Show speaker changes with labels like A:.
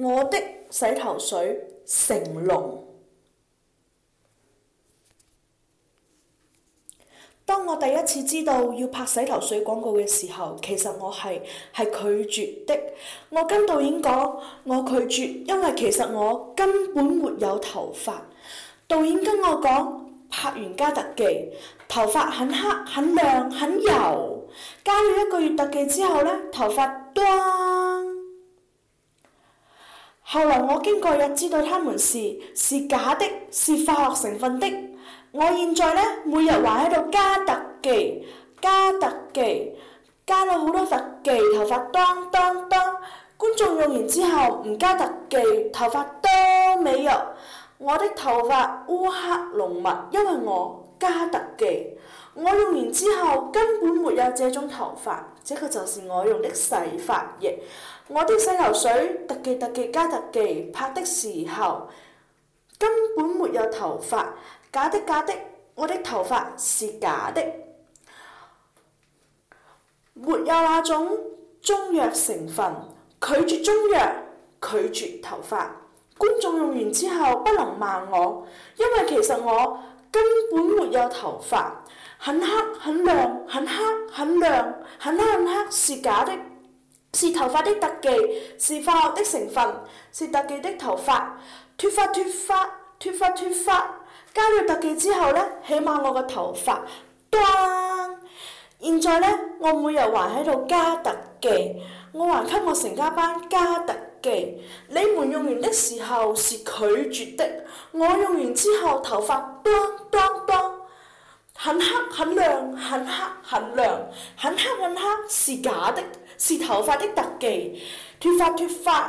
A: 我的洗頭水，成龍。當我第一次知道要拍洗頭水廣告嘅時候，其實我係係拒絕的。我跟導演講，我拒絕，因為其實我根本沒有頭髮。導演跟我講，拍完加特技，頭髮很黑、很亮、很油。加了一個月特技之後呢，頭髮 duang～後來我經過人知道他們是是假的，是化學成分的。我現在呢，每日還喺度加特技，加特技，加咗好多特技，頭髮當當當。觀眾用完之後唔加特技，頭髮多美啊！我的頭髮烏黑濃密，因為我加特技，我用完之後根本。有這種頭髮，這個就是我用的洗髮液。我的洗頭水，特技特技，加特技，拍的時候，根本沒有頭髮，假的，假的，我的頭髮是假的，沒有那種中藥成分，拒絕中藥，拒絕頭髮。觀眾用完之後不能罵我，因為其實我。根本沒有頭髮，很黑很亮，很黑很亮，很黑很黑是假的，是頭髮的特技，是化學的成分，是特技的頭髮。脫髮、脫髮、脫髮、脫髮，加了特技之後呢，起碼我個頭髮，噉，現在呢，我每日還喺度加特技，我還給我成家班加特。技，你們用完的時候是拒絕的，我用完之後頭髮“噹噹噹”——很黑很亮，很黑很亮，很黑很黑是假的，是頭髮的特技，脫髮、脫髮。